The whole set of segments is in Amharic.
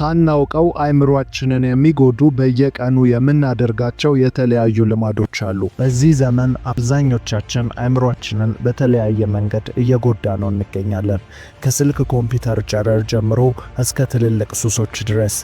ሳናውቀው አእምሯችንን የሚጎዱ በየቀኑ የምናደርጋቸው የተለያዩ ልማዶች አሉ። በዚህ ዘመን አብዛኞቻችን አእምሯችንን በተለያየ መንገድ እየጎዳ ነው እንገኛለን። ከስልክ ኮምፒውተር ጨረር ጀምሮ እስከ ትልልቅ ሱሶች ድረስ።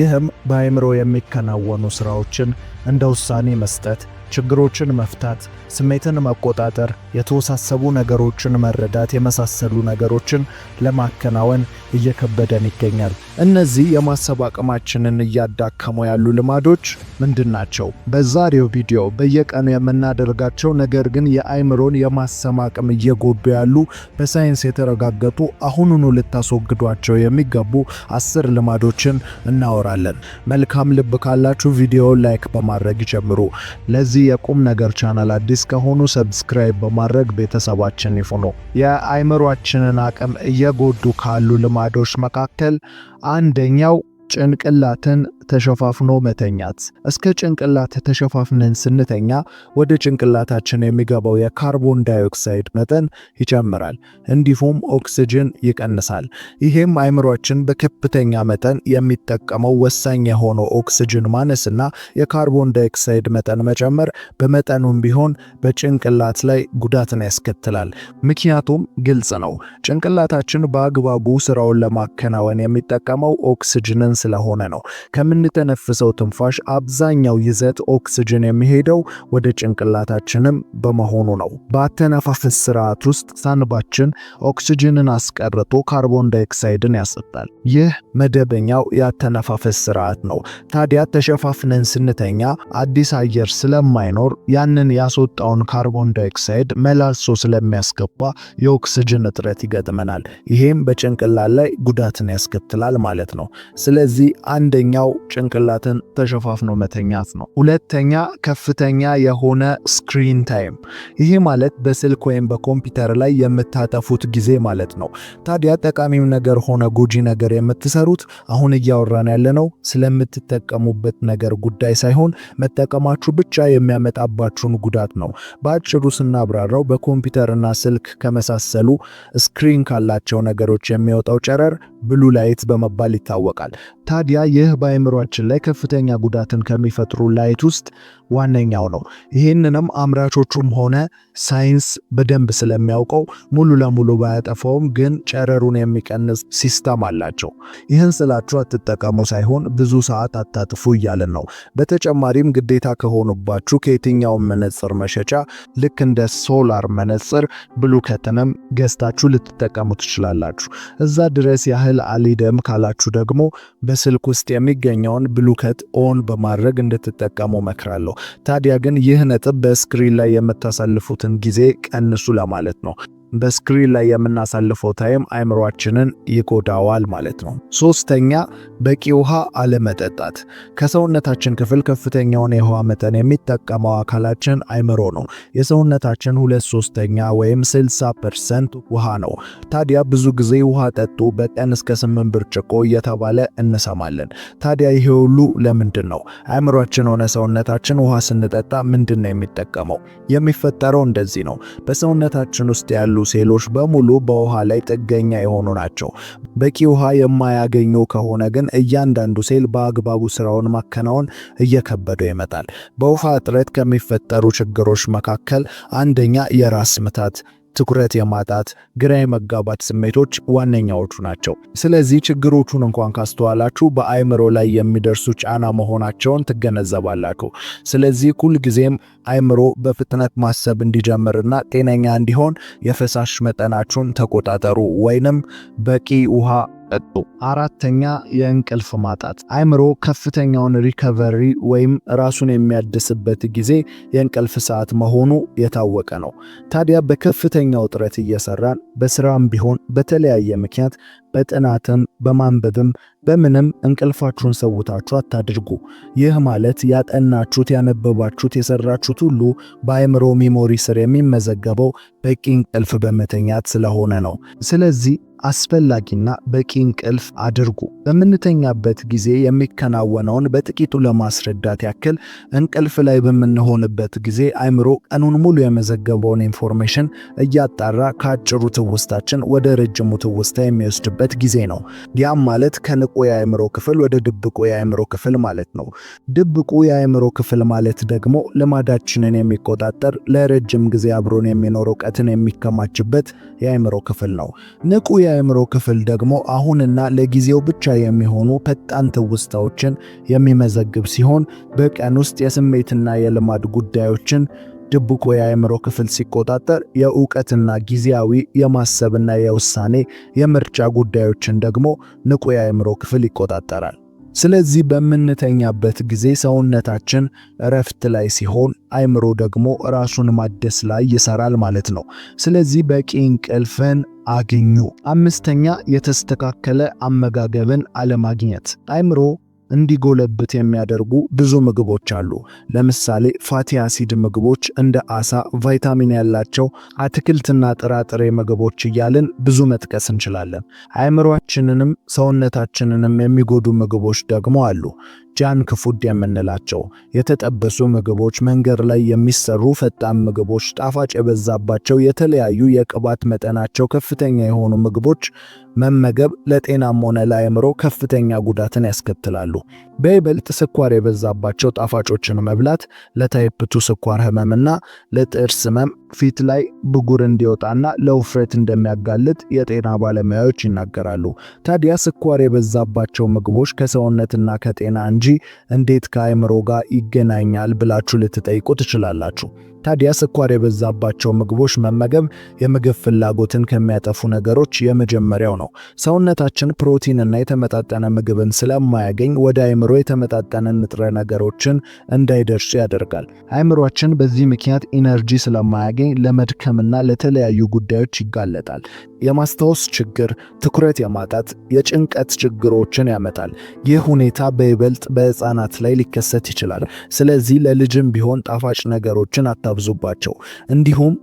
ይህም በአእምሮ የሚከናወኑ ስራዎችን እንደ ውሳኔ መስጠት ችግሮችን መፍታት፣ ስሜትን መቆጣጠር፣ የተወሳሰቡ ነገሮችን መረዳት የመሳሰሉ ነገሮችን ለማከናወን እየከበደን ይገኛል። እነዚህ የማሰብ አቅማችንን እያዳከሙ ያሉ ልማዶች ምንድን ናቸው? በዛሬው ቪዲዮ በየቀኑ የምናደርጋቸው ነገር ግን የአይምሮን የማሰብ አቅም እየጎዱ ያሉ በሳይንስ የተረጋገጡ አሁኑኑ ልታስወግዷቸው የሚገቡ አስር ልማዶችን እናወራለን። መልካም ልብ ካላችሁ ቪዲዮ ላይክ በማድረግ ይጀምሩ። ለዚህ ለዚህ የቁም ነገር ቻናል አዲስ ከሆኑ ሰብስክራይብ በማድረግ ቤተሰባችን ይሁኑ። የአይምሯችንን አቅም እየጎዱ ካሉ ልማዶች መካከል አንደኛው ጭንቅላትን ተሸፋፍኖ መተኛት። እስከ ጭንቅላት ተሸፋፍነን ስንተኛ ወደ ጭንቅላታችን የሚገባው የካርቦን ዳይኦክሳይድ መጠን ይጨምራል፣ እንዲሁም ኦክስጅን ይቀንሳል። ይህም አይምሯችን በከፍተኛ መጠን የሚጠቀመው ወሳኝ የሆነው ኦክስጅን ማነስና የካርቦን ዳይኦክሳይድ መጠን መጨመር በመጠኑም ቢሆን በጭንቅላት ላይ ጉዳትን ያስከትላል። ምክንያቱም ግልጽ ነው፣ ጭንቅላታችን በአግባቡ ስራውን ለማከናወን የሚጠቀመው ኦክስጅንን ስለሆነ ነው። ከምን የምንተነፍሰው ትንፋሽ አብዛኛው ይዘት ኦክስጅን የሚሄደው ወደ ጭንቅላታችንም በመሆኑ ነው። በአተነፋፈስ ስርዓት ውስጥ ሳንባችን ኦክስጅንን አስቀርቶ ካርቦን ዳይኦክሳይድን ያሰጣል። ይህ መደበኛው የአተነፋፈስ ስርዓት ነው። ታዲያ ተሸፋፍነን ስንተኛ አዲስ አየር ስለማይኖር ያንን ያስወጣውን ካርቦን ዳይኦክሳይድ መላልሶ ስለሚያስገባ የኦክስጅን እጥረት ይገጥመናል። ይሄም በጭንቅላት ላይ ጉዳትን ያስከትላል ማለት ነው። ስለዚህ አንደኛው ጭንቅላትን ተሸፋፍኖ መተኛት ነው። ሁለተኛ ከፍተኛ የሆነ ስክሪን ታይም፣ ይህ ማለት በስልክ ወይም በኮምፒውተር ላይ የምታጠፉት ጊዜ ማለት ነው። ታዲያ ጠቃሚው ነገር ሆነ ጎጂ ነገር የምትሰሩት አሁን እያወራን ያለነው ስለምትጠቀሙበት ነገር ጉዳይ ሳይሆን መጠቀማችሁ ብቻ የሚያመጣባችሁን ጉዳት ነው። በአጭሩ ስናብራራው በኮምፒውተርና ስልክ ከመሳሰሉ ስክሪን ካላቸው ነገሮች የሚወጣው ጨረር ብሉ ላይት በመባል ይታወቃል። ታዲያ ይህ በአይምሮ በኑሯችን ላይ ከፍተኛ ጉዳትን ከሚፈጥሩ ላይት ውስጥ ዋነኛው ነው። ይህንንም አምራቾቹም ሆነ ሳይንስ በደንብ ስለሚያውቀው ሙሉ ለሙሉ ባያጠፋውም ግን ጨረሩን የሚቀንስ ሲስተም አላቸው። ይህን ስላችሁ አትጠቀሙ ሳይሆን ብዙ ሰዓት አታጥፉ እያልን ነው። በተጨማሪም ግዴታ ከሆኑባችሁ ከየትኛውም መነጽር መሸጫ ልክ እንደ ሶላር መነጽር ብሉ ከተንም ገዝታችሁ ልትጠቀሙ ትችላላችሁ። እዛ ድረስ ያህል አሊደም ካላችሁ ደግሞ በስልክ ውስጥ የሚገኘው የትኛውን ብሉከት ኦን በማድረግ እንድትጠቀሙ መክራለሁ። ታዲያ ግን ይህ ነጥብ በስክሪን ላይ የምታሳልፉትን ጊዜ ቀንሱ ለማለት ነው። በስክሪን ላይ የምናሳልፈው ታይም አእምሯችንን ይጎዳዋል ማለት ነው። ሶስተኛ በቂ ውሃ አለመጠጣት። ከሰውነታችን ክፍል ከፍተኛውን የውሃ መጠን የሚጠቀመው አካላችን አእምሮ ነው። የሰውነታችን ሁለት ሶስተኛ ወይም 60 ፐርሰንት ውሃ ነው። ታዲያ ብዙ ጊዜ ውሃ ጠጡ፣ በቀን እስከ 8 ብርጭቆ እየተባለ እንሰማለን። ታዲያ ይሄ ሁሉ ለምንድን ነው? አእምሯችን ሆነ ሰውነታችን ውሃ ስንጠጣ ምንድን ነው የሚጠቀመው? የሚፈጠረው እንደዚህ ነው። በሰውነታችን ውስጥ ያሉ ሴሎች በሙሉ በውሃ ላይ ጥገኛ የሆኑ ናቸው። በቂ ውሃ የማያገኙ ከሆነ ግን እያንዳንዱ ሴል በአግባቡ ስራውን ማከናወን እየከበደው ይመጣል። በውሃ እጥረት ከሚፈጠሩ ችግሮች መካከል አንደኛ የራስ ምታት ትኩረት የማጣት፣ ግራ የመጋባት ስሜቶች ዋነኛዎቹ ናቸው። ስለዚህ ችግሮቹን እንኳን ካስተዋላችሁ በአእምሮ ላይ የሚደርሱ ጫና መሆናቸውን ትገነዘባላችሁ። ስለዚህ ሁልጊዜም አእምሮ በፍጥነት ማሰብ እንዲጀምርና ጤነኛ እንዲሆን የፈሳሽ መጠናችሁን ተቆጣጠሩ ወይንም በቂ ውሃ ጠጡ። አራተኛ የእንቅልፍ ማጣት። አይምሮ ከፍተኛውን ሪከቨሪ ወይም ራሱን የሚያድስበት ጊዜ የእንቅልፍ ሰዓት መሆኑ የታወቀ ነው። ታዲያ በከፍተኛ ውጥረት እየሰራን በስራም ቢሆን በተለያየ ምክንያት በጥናትም በማንበብም በምንም እንቅልፋችሁን ሰውታችሁ አታድርጉ። ይህ ማለት ያጠናችሁት፣ ያነበባችሁት፣ የሰራችሁት ሁሉ በአይምሮ ሚሞሪ ስር የሚመዘገበው በቂ እንቅልፍ በመተኛት ስለሆነ ነው። ስለዚህ አስፈላጊና በቂ እንቅልፍ አድርጉ። በምንተኛበት ጊዜ የሚከናወነውን በጥቂቱ ለማስረዳት ያክል እንቅልፍ ላይ በምንሆንበት ጊዜ አይምሮ ቀኑን ሙሉ የመዘገበውን ኢንፎርሜሽን እያጣራ ከአጭሩ ትውስታችን ወደ ረጅሙ ትውስታ የሚወስድበት ጊዜ ነው። ያም ማለት ከንቁ የአእምሮ ክፍል ወደ ድብቁ የአይምሮ ክፍል ማለት ነው። ድብቁ የአእምሮ ክፍል ማለት ደግሞ ልማዳችንን የሚቆጣጠር ለረጅም ጊዜ አብሮን የሚኖር እውቀትን የሚከማችበት የአይምሮ ክፍል ነው። ንቁ የአእምሮ ክፍል ደግሞ አሁንና ለጊዜው ብቻ የሚሆኑ ፈጣን ትውስታዎችን የሚመዘግብ ሲሆን በቀን ውስጥ የስሜትና የልማድ ጉዳዮችን ድብቁ የአእምሮ ክፍል ሲቆጣጠር የእውቀትና ጊዜያዊ የማሰብና የውሳኔ የምርጫ ጉዳዮችን ደግሞ ንቁ የአእምሮ ክፍል ይቆጣጠራል። ስለዚህ በምንተኛበት ጊዜ ሰውነታችን እረፍት ላይ ሲሆን አይምሮ ደግሞ ራሱን ማደስ ላይ ይሰራል ማለት ነው። ስለዚህ በቂ እንቅልፍን አግኙ። አምስተኛ የተስተካከለ አመጋገብን አለማግኘት አይምሮ እንዲጎለብት የሚያደርጉ ብዙ ምግቦች አሉ። ለምሳሌ ፋቲ አሲድ ምግቦች እንደ አሳ፣ ቫይታሚን ያላቸው አትክልትና ጥራጥሬ ምግቦች እያልን ብዙ መጥቀስ እንችላለን። አእምሯችንንም ሰውነታችንንም የሚጎዱ ምግቦች ደግሞ አሉ። ጃንክ ፉድ የምንላቸው የተጠበሱ ምግቦች፣ መንገድ ላይ የሚሰሩ ፈጣን ምግቦች፣ ጣፋጭ የበዛባቸው የተለያዩ የቅባት መጠናቸው ከፍተኛ የሆኑ ምግቦች መመገብ ለጤናም ሆነ ለአእምሮ ከፍተኛ ጉዳትን ያስከትላሉ። በይበልጥ ስኳር የበዛባቸው ጣፋጮችን መብላት ለታይፕቱ ስኳር ህመምና ለጥርስ ህመም ፊት ላይ ብጉር እንዲወጣና ለውፍረት እንደሚያጋልጥ የጤና ባለሙያዎች ይናገራሉ። ታዲያ ስኳር የበዛባቸው ምግቦች ከሰውነትና ከጤና እንጂ እንዴት ከአእምሮ ጋር ይገናኛል ብላችሁ ልትጠይቁ ትችላላችሁ። ታዲያ ስኳር የበዛባቸው ምግቦች መመገብ የምግብ ፍላጎትን ከሚያጠፉ ነገሮች የመጀመሪያው ነው። ሰውነታችን ፕሮቲንና የተመጣጠነ ምግብን ስለማያገኝ ወደ አይምሮ የተመጣጠነ ንጥረ ነገሮችን እንዳይደርሱ ያደርጋል። አይምሮአችን በዚህ ምክንያት ኢነርጂ ስለማያገኝ ለመድከምና ለተለያዩ ጉዳዮች ይጋለጣል። የማስታወስ ችግር ትኩረት የማጣት የጭንቀት ችግሮችን ያመጣል። ይህ ሁኔታ በይበልጥ በህፃናት ላይ ሊከሰት ይችላል። ስለዚህ ለልጅም ቢሆን ጣፋጭ ነገሮችን አታብዙባቸው። እንዲሁም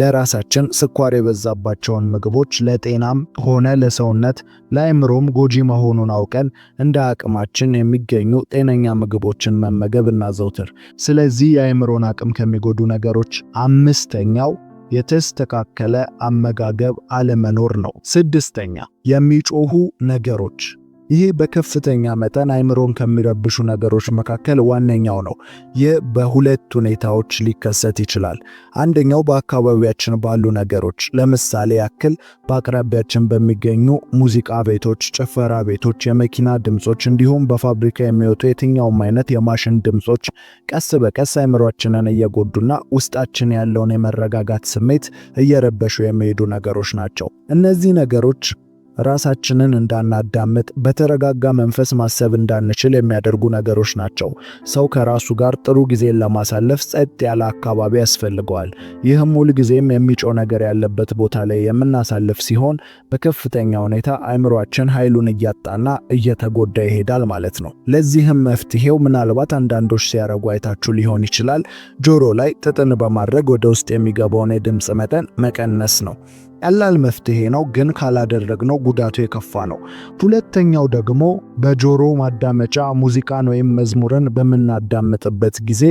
ለራሳችን ስኳር የበዛባቸውን ምግቦች ለጤናም ሆነ ለሰውነት ለአእምሮም ጎጂ መሆኑን አውቀን እንደ አቅማችን የሚገኙ ጤነኛ ምግቦችን መመገብ እናዘውትር። ስለዚህ የአእምሮን አቅም ከሚጎዱ ነገሮች አምስተኛው የተስተካከለ አመጋገብ አለመኖር ነው። ስድስተኛ የሚጮሁ ነገሮች ይህ በከፍተኛ መጠን አይምሮን ከሚረብሹ ነገሮች መካከል ዋነኛው ነው። ይህ በሁለት ሁኔታዎች ሊከሰት ይችላል። አንደኛው በአካባቢያችን ባሉ ነገሮች፣ ለምሳሌ ያክል በአቅራቢያችን በሚገኙ ሙዚቃ ቤቶች፣ ጭፈራ ቤቶች፣ የመኪና ድምፆች እንዲሁም በፋብሪካ የሚወጡ የትኛውም አይነት የማሽን ድምፆች ቀስ በቀስ አይምሯችንን እየጎዱና ውስጣችን ያለውን የመረጋጋት ስሜት እየረበሹ የሚሄዱ ነገሮች ናቸው። እነዚህ ነገሮች ራሳችንን እንዳናዳምጥ በተረጋጋ መንፈስ ማሰብ እንዳንችል የሚያደርጉ ነገሮች ናቸው። ሰው ከራሱ ጋር ጥሩ ጊዜን ለማሳለፍ ጸጥ ያለ አካባቢ ያስፈልገዋል። ይህም ሁልጊዜም የሚጮ ነገር ያለበት ቦታ ላይ የምናሳልፍ ሲሆን በከፍተኛ ሁኔታ አእምሯችን ኃይሉን እያጣና እየተጎዳ ይሄዳል ማለት ነው። ለዚህም መፍትሄው ምናልባት አንዳንዶች ሲያደርጉ አይታችሁ ሊሆን ይችላል፣ ጆሮ ላይ ጥጥን በማድረግ ወደ ውስጥ የሚገባውን የድምፅ መጠን መቀነስ ነው። ቀላል መፍትሄ ነው፣ ግን ካላደረግነው ጉዳቱ የከፋ ነው። ሁለተኛው ደግሞ በጆሮ ማዳመጫ ሙዚቃን ወይም መዝሙርን በምናዳምጥበት ጊዜ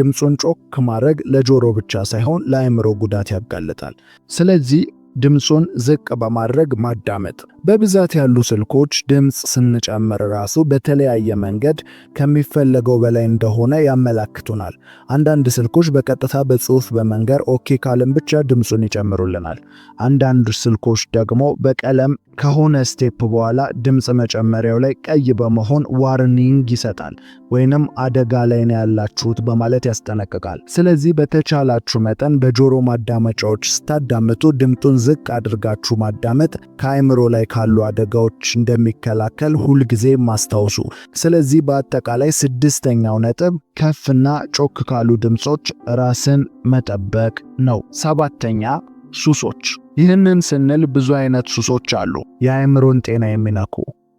ድምፁን ጮክ ማድረግ ለጆሮ ብቻ ሳይሆን ለአእምሮ ጉዳት ያጋልጣል። ስለዚህ ድምፁን ዝቅ በማድረግ ማዳመጥ። በብዛት ያሉ ስልኮች ድምፅ ስንጨምር ራሱ በተለያየ መንገድ ከሚፈለገው በላይ እንደሆነ ያመላክቱናል። አንዳንድ ስልኮች በቀጥታ በጽሑፍ በመንገር ኦኬ ካለም ብቻ ድምፁን ይጨምሩልናል። አንዳንድ ስልኮች ደግሞ በቀለም ከሆነ ስቴፕ በኋላ ድምፅ መጨመሪያው ላይ ቀይ በመሆን ዋርኒንግ ይሰጣል ወይንም አደጋ ላይ ነው ያላችሁት በማለት ያስጠነቅቃል። ስለዚህ በተቻላችሁ መጠን በጆሮ ማዳመጫዎች ስታዳምጡ ድምጡን ዝቅ አድርጋችሁ ማዳመጥ ከአእምሮ ላይ ካሉ አደጋዎች እንደሚከላከል ሁልጊዜ ማስታውሱ። ስለዚህ በአጠቃላይ ስድስተኛው ነጥብ ከፍና ጮክ ካሉ ድምፆች ራስን መጠበቅ ነው። ሰባተኛ ሱሶች ይህንን ስንል ብዙ አይነት ሱሶች አሉ የአእምሮን ጤና የሚነኩ።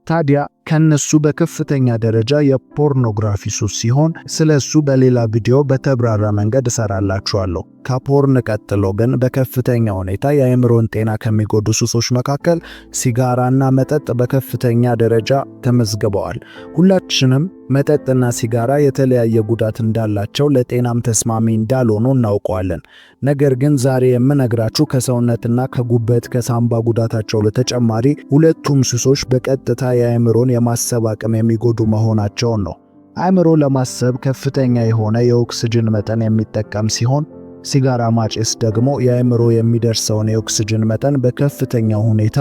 ታዲያ ከነሱ በከፍተኛ ደረጃ የፖርኖግራፊ ሱስ ሲሆን ስለ እሱ በሌላ ቪዲዮ በተብራራ መንገድ እሰራላችኋለሁ። ከፖርን ቀጥሎ ግን በከፍተኛ ሁኔታ የአእምሮን ጤና ከሚጎዱ ሱሶች መካከል ሲጋራና መጠጥ በከፍተኛ ደረጃ ተመዝግበዋል። ሁላችንም መጠጥና ሲጋራ የተለያየ ጉዳት እንዳላቸው ለጤናም ተስማሚ እንዳልሆኑ እናውቀዋለን። ነገር ግን ዛሬ የምነግራችሁ ከሰውነትና ከጉበት ከሳምባ ጉዳታቸው ለተጨማሪ ሁለቱም ሱሶች በቀጥታ የአእምሮን የማሰብ አቅም የሚጎዱ መሆናቸውን ነው። አእምሮ ለማሰብ ከፍተኛ የሆነ የኦክስጅን መጠን የሚጠቀም ሲሆን ሲጋራ ማጨስ ደግሞ የአእምሮ የሚደርሰውን የኦክስጅን መጠን በከፍተኛ ሁኔታ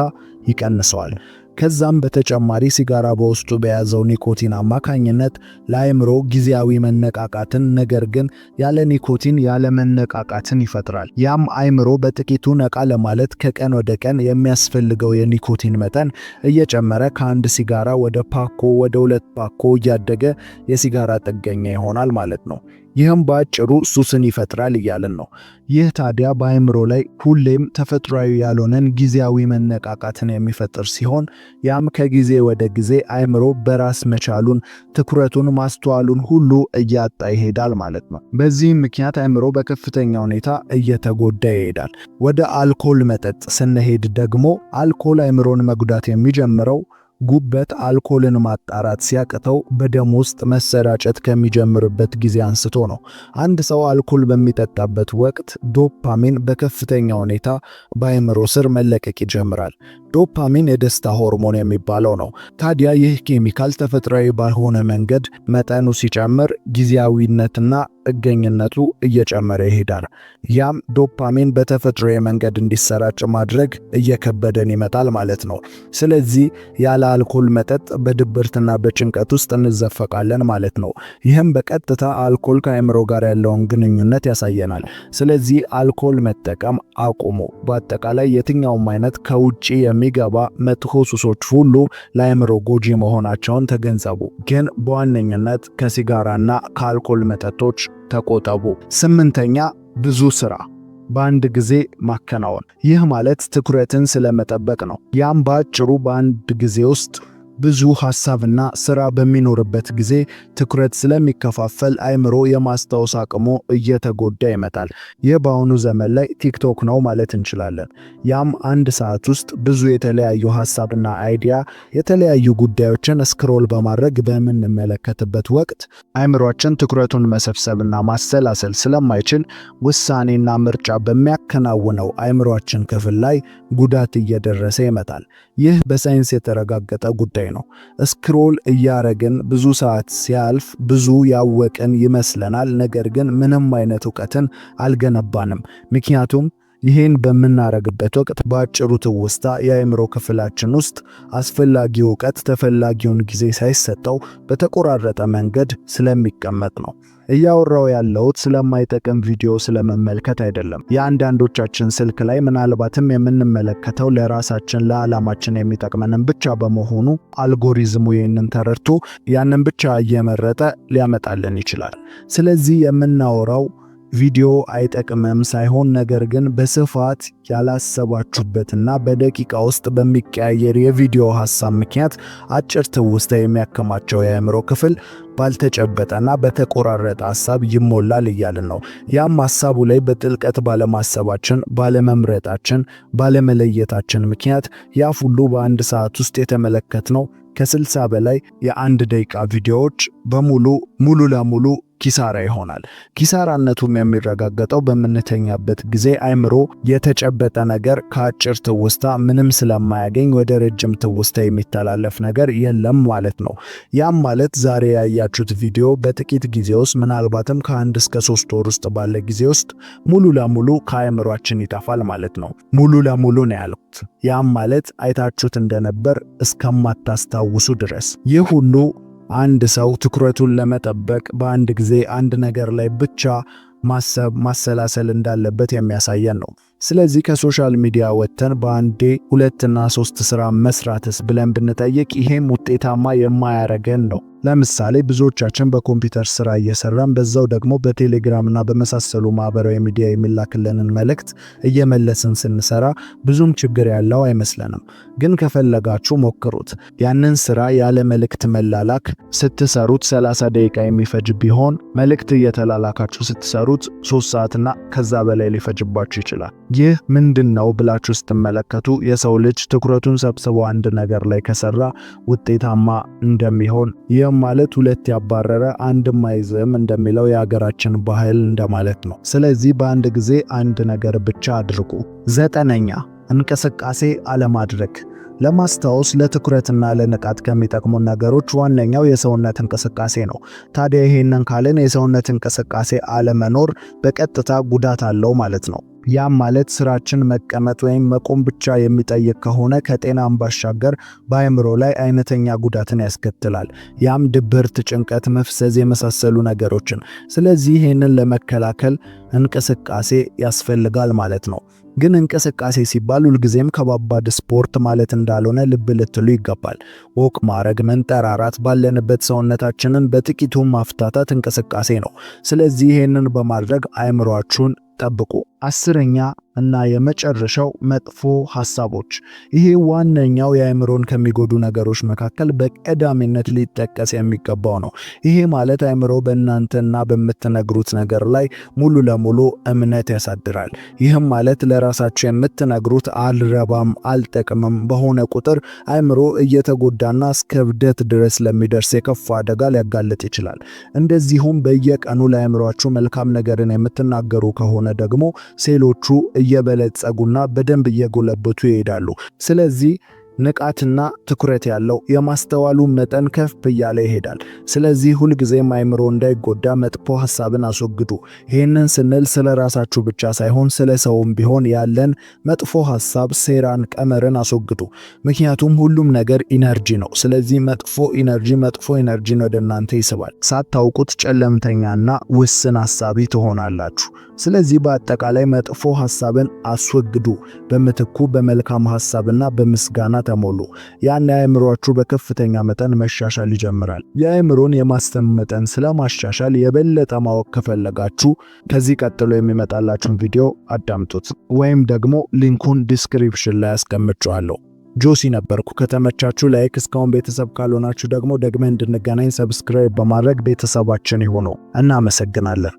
ይቀንሰዋል። ከዛም በተጨማሪ ሲጋራ በውስጡ በያዘው ኒኮቲን አማካኝነት ለአእምሮ ጊዜያዊ መነቃቃትን፣ ነገር ግን ያለ ኒኮቲን ያለ መነቃቃትን ይፈጥራል። ያም አእምሮ በጥቂቱ ነቃ ለማለት ከቀን ወደ ቀን የሚያስፈልገው የኒኮቲን መጠን እየጨመረ ከአንድ ሲጋራ ወደ ፓኮ ወደ ሁለት ፓኮ እያደገ የሲጋራ ጥገኛ ይሆናል ማለት ነው። ይህም በአጭሩ ሱስን ይፈጥራል እያለን ነው። ይህ ታዲያ በአእምሮ ላይ ሁሌም ተፈጥሯዊ ያልሆነን ጊዜያዊ መነቃቃትን የሚፈጥር ሲሆን ያም ከጊዜ ወደ ጊዜ አእምሮ በራስ መቻሉን፣ ትኩረቱን፣ ማስተዋሉን ሁሉ እያጣ ይሄዳል ማለት ነው። በዚህም ምክንያት አእምሮ በከፍተኛ ሁኔታ እየተጎዳ ይሄዳል። ወደ አልኮል መጠጥ ስንሄድ ደግሞ አልኮል አእምሮን መጉዳት የሚጀምረው ጉበት አልኮልን ማጣራት ሲያቅተው በደም ውስጥ መሰራጨት ከሚጀምርበት ጊዜ አንስቶ ነው። አንድ ሰው አልኮል በሚጠጣበት ወቅት ዶፓሚን በከፍተኛ ሁኔታ በአይምሮ ስር መለቀቅ ይጀምራል። ዶፓሚን የደስታ ሆርሞን የሚባለው ነው። ታዲያ ይህ ኬሚካል ተፈጥሯዊ ባልሆነ መንገድ መጠኑ ሲጨምር ጊዜያዊነትና ጥገኝነቱ እየጨመረ ይሄዳል። ያም ዶፓሚን በተፈጥሮ መንገድ እንዲሰራጭ ማድረግ እየከበደን ይመጣል ማለት ነው። ስለዚህ ያለ አልኮል መጠጥ በድብርትና በጭንቀት ውስጥ እንዘፈቃለን ማለት ነው። ይህም በቀጥታ አልኮል ከአእምሮ ጋር ያለውን ግንኙነት ያሳየናል። ስለዚህ አልኮል መጠቀም አቁሙ። በአጠቃላይ የትኛውም አይነት ከውጭ የሚገባ መጥፎ ሱሶች ሁሉ ለአእምሮ ጎጂ መሆናቸውን ተገንዘቡ። ግን በዋነኝነት ከሲጋራና ከአልኮል መጠጦች ተቆጠቡ። ስምንተኛ ብዙ ሥራ በአንድ ጊዜ ማከናወን። ይህ ማለት ትኩረትን ስለመጠበቅ ነው። ያም በአጭሩ በአንድ ጊዜ ውስጥ ብዙ ሐሳብና ሥራ በሚኖርበት ጊዜ ትኩረት ስለሚከፋፈል አእምሮ የማስታወስ አቅሙ እየተጎዳ ይመጣል። ይህ በአሁኑ ዘመን ላይ ቲክቶክ ነው ማለት እንችላለን። ያም አንድ ሰዓት ውስጥ ብዙ የተለያዩ ሐሳብና አይዲያ፣ የተለያዩ ጉዳዮችን ስክሮል በማድረግ በምንመለከትበት ወቅት አእምሯችን ትኩረቱን መሰብሰብና ማሰላሰል ስለማይችል ውሳኔና ምርጫ በሚያከናውነው አእምሯችን ክፍል ላይ ጉዳት እየደረሰ ይመጣል። ይህ በሳይንስ የተረጋገጠ ጉዳይ ነው። ስክሮል እያረግን ብዙ ሰዓት ሲያልፍ ብዙ ያወቅን ይመስለናል፣ ነገር ግን ምንም አይነት እውቀትን አልገነባንም። ምክንያቱም ይህን በምናረግበት ወቅት በአጭሩ ትውስታ የአእምሮ ክፍላችን ውስጥ አስፈላጊ እውቀት ተፈላጊውን ጊዜ ሳይሰጠው በተቆራረጠ መንገድ ስለሚቀመጥ ነው። እያወራው ያለሁት ስለማይጠቅም ቪዲዮ ስለመመልከት አይደለም። የአንዳንዶቻችን ስልክ ላይ ምናልባትም የምንመለከተው ለራሳችን ለዓላማችን የሚጠቅመንን ብቻ በመሆኑ አልጎሪዝሙ ይህንን ተረድቶ ያንን ብቻ እየመረጠ ሊያመጣልን ይችላል። ስለዚህ የምናወራው ቪዲዮ አይጠቅምም ሳይሆን ነገር ግን በስፋት ያላሰባችሁበትና በደቂቃ ውስጥ በሚቀያየር የቪዲዮ ሀሳብ ምክንያት አጭር ትውስታ የሚያከማቸው የአእምሮ ክፍል ባልተጨበጠና በተቆራረጠ ሀሳብ ይሞላል እያልን ነው። ያም ሀሳቡ ላይ በጥልቀት ባለማሰባችን፣ ባለመምረጣችን፣ ባለመለየታችን ምክንያት ያፍ ሁሉ በአንድ ሰዓት ውስጥ የተመለከትነው ከስልሳ በላይ የአንድ ደቂቃ ቪዲዮዎች በሙሉ ሙሉ ለሙሉ ኪሳራ ይሆናል። ኪሳራነቱም የሚረጋገጠው በምንተኛበት ጊዜ አይምሮ የተጨበጠ ነገር ከአጭር ትውስታ ምንም ስለማያገኝ ወደ ረጅም ትውስታ የሚተላለፍ ነገር የለም ማለት ነው። ያም ማለት ዛሬ ያያችሁት ቪዲዮ በጥቂት ጊዜ ውስጥ ምናልባትም ከአንድ እስከ ሶስት ወር ውስጥ ባለ ጊዜ ውስጥ ሙሉ ለሙሉ ከአይምሯችን ይጠፋል ማለት ነው። ሙሉ ለሙሉ ነው ያልኩት። ያም ማለት አይታችሁት እንደነበር እስከማታስታውሱ ድረስ ይህ ሁሉ አንድ ሰው ትኩረቱን ለመጠበቅ በአንድ ጊዜ አንድ ነገር ላይ ብቻ ማሰብ ማሰላሰል እንዳለበት የሚያሳየን ነው። ስለዚህ ከሶሻል ሚዲያ ወጥተን በአንዴ ሁለትና ሶስት ስራ መስራትስ ብለን ብንጠይቅ ይሄም ውጤታማ የማያረገን ነው። ለምሳሌ ብዙዎቻችን በኮምፒውተር ስራ እየሰራን በዛው ደግሞ በቴሌግራም እና በመሳሰሉ ማህበራዊ ሚዲያ የሚላክልንን መልእክት እየመለስን ስንሰራ ብዙም ችግር ያለው አይመስለንም። ግን ከፈለጋችሁ ሞክሩት። ያንን ስራ ያለ መልእክት መላላክ ስትሰሩት 30 ደቂቃ የሚፈጅ ቢሆን መልእክት እየተላላካችሁ ስትሰሩት 3 ሰዓትና ከዛ በላይ ሊፈጅባችሁ ይችላል። ይህ ምንድን ነው ብላችሁ ስትመለከቱ የሰው ልጅ ትኩረቱን ሰብስቦ አንድ ነገር ላይ ከሰራ ውጤታማ እንደሚሆን ይህም ማለት ሁለት ያባረረ አንድ ማይዝም እንደሚለው የሀገራችን ባህል እንደማለት ነው። ስለዚህ በአንድ ጊዜ አንድ ነገር ብቻ አድርጉ። ዘጠነኛ እንቅስቃሴ አለማድረግ። ለማስታወስ ለትኩረትና ለንቃት ከሚጠቅሙ ነገሮች ዋነኛው የሰውነት እንቅስቃሴ ነው። ታዲያ ይሄንን ካልን የሰውነት እንቅስቃሴ አለመኖር በቀጥታ ጉዳት አለው ማለት ነው። ያም ማለት ስራችን መቀመጥ ወይም መቆም ብቻ የሚጠይቅ ከሆነ ከጤናም ባሻገር በአእምሮ ላይ አይነተኛ ጉዳትን ያስከትላል። ያም ድብርት፣ ጭንቀት፣ መፍሰዝ የመሳሰሉ ነገሮችን። ስለዚህ ይህንን ለመከላከል እንቅስቃሴ ያስፈልጋል ማለት ነው። ግን እንቅስቃሴ ሲባል ሁልጊዜም ከባባድ ስፖርት ማለት እንዳልሆነ ልብ ልትሉ ይገባል። ወቅ ማረግ፣ መንጠራራት፣ ባለንበት ሰውነታችንን በጥቂቱ ማፍታታት እንቅስቃሴ ነው። ስለዚህ ይህንን በማድረግ አእምሯችሁን ጠብቁ። አስረኛ እና የመጨረሻው መጥፎ ሐሳቦች። ይሄ ዋነኛው የአእምሮን ከሚጎዱ ነገሮች መካከል በቀዳሚነት ሊጠቀስ የሚገባው ነው። ይሄ ማለት አእምሮ በእናንተና በምትነግሩት ነገር ላይ ሙሉ ለሙሉ እምነት ያሳድራል። ይህም ማለት ለራሳቸው የምትነግሩት አልረባም፣ አልጠቅምም በሆነ ቁጥር አእምሮ እየተጎዳና እስከ እብደት ድረስ ለሚደርስ የከፋ አደጋ ሊያጋልጥ ይችላል። እንደዚሁም በየቀኑ ለአእምሯችሁ መልካም ነገርን የምትናገሩ ከሆነ ከሆነ ደግሞ ሴሎቹ እየበለጸጉና በደንብ እየጎለበቱ ይሄዳሉ። ስለዚህ ንቃትና ትኩረት ያለው የማስተዋሉ መጠን ከፍ እያለ ይሄዳል። ስለዚህ ሁልጊዜም አይምሮ እንዳይጎዳ መጥፎ ሐሳብን አስወግዱ። ይህንን ስንል ስለ ራሳችሁ ብቻ ሳይሆን ስለ ሰውም ቢሆን ያለን መጥፎ ሐሳብ፣ ሴራን፣ ቀመርን አስወግዱ። ምክንያቱም ሁሉም ነገር ኢነርጂ ነው። ስለዚህ መጥፎ ኢነርጂ መጥፎ ኢነርጂን ወደ እናንተ ይስባል። ሳታውቁት ጨለምተኛና ውስን ሐሳቢ ትሆናላችሁ። ስለዚህ በአጠቃላይ መጥፎ ሐሳብን አስወግዱ። በምትኩ በመልካም ሐሳብና በምስጋና ከተሞሉ ያን አእምሯችሁ በከፍተኛ መጠን መሻሻል ይጀምራል። የአእምሮን የማስተም መጠን ስለማሻሻል የበለጠ ማወቅ ከፈለጋችሁ ከዚህ ቀጥሎ የሚመጣላችሁን ቪዲዮ አዳምጡት፣ ወይም ደግሞ ሊንኩን ዲስክሪፕሽን ላይ አስቀምጫለሁ። ጆሲ ነበርኩ። ከተመቻችሁ ላይክ፣ እስካሁን ቤተሰብ ካልሆናችሁ ደግሞ ደግመን እንድንገናኝ ሰብስክራይብ በማድረግ ቤተሰባችን ይሁኑ። እናመሰግናለን።